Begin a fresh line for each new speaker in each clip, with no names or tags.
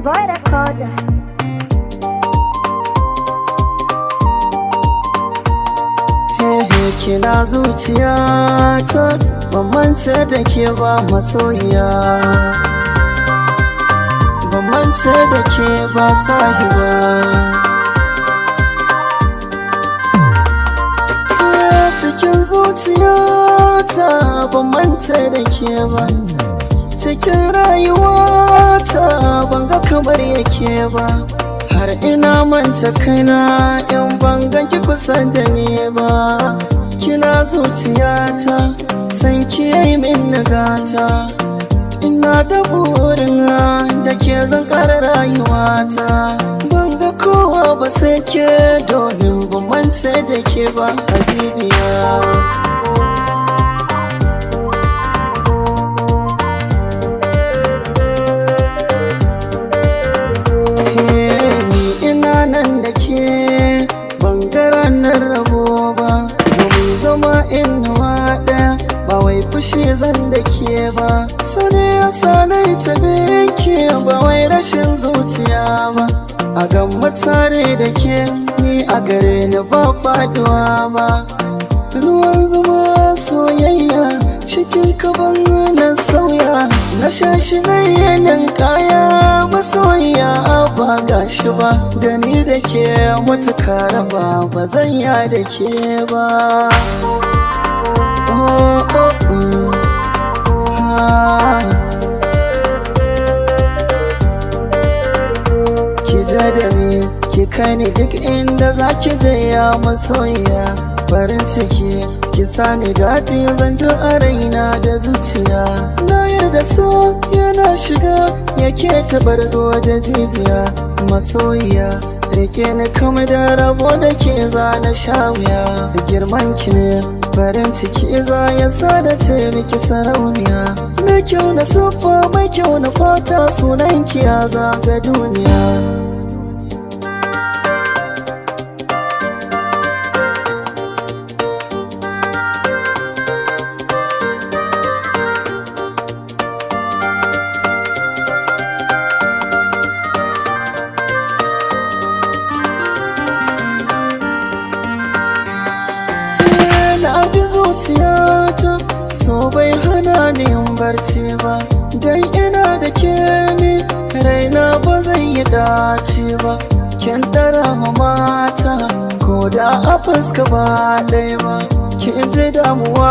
bad boy da coda Kina zuciya ta bambance da ke ba masoyiya bamance da ke ba sahiba cikin zuciyata ban manta da ke ba cikin rayuwata ban ga kamar yake ba har ina manta kana in ban ki kusa da ni ba kina zuciyata san ki yi min nagata ina da burin da ke zan kara rayuwata banga kowa ba sai ke domin ban sai da ke ba habibiya ga ranar rabo ba zama zama inuwa ɗaya ba wai fushi zan da ke ba Sani ya sanai ta ki ba wai rashin zuciya ba a gamma tare da ke ni a gare ni ba faduwa ba ruwan zuma soyayya cikin kaban nan sauya na shashi na yanin kaya masoya ba shi ba da ni da ke mutuka ba, ba zan ya da ke ba oh, oh, mm. ki ja da ni ki kai ni duk inda za ki je ya masoyiya farin ciki ki sani daɗi zan ji a raina da zuciya so yana shiga ya yake tabar da jijiya masoyiya rike ni kama da rabo da ke za na sha girman ki ne farin ciki za ya sa da ce miki sarauniya mai kyau na sufa mai kyau na fata sunan ki ya ga duniya zuciyata so bai hana ni yin barci ba don ina da ke ne raina ba zai yi dace ba kin tsara ma mata ko da a fuska ba ɗaya ba kin ji damuwa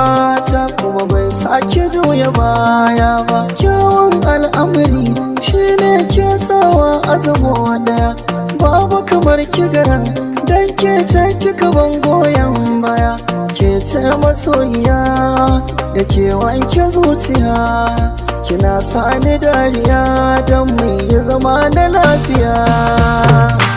ta kuma bai sake juya baya ba kyawun al'amari shine ke sawa a daya babu kamar kigaran don ke ta kika ban goyon baya ce masoyiya da ke wanke zuciya kina sani dariya don mai zama na lafiya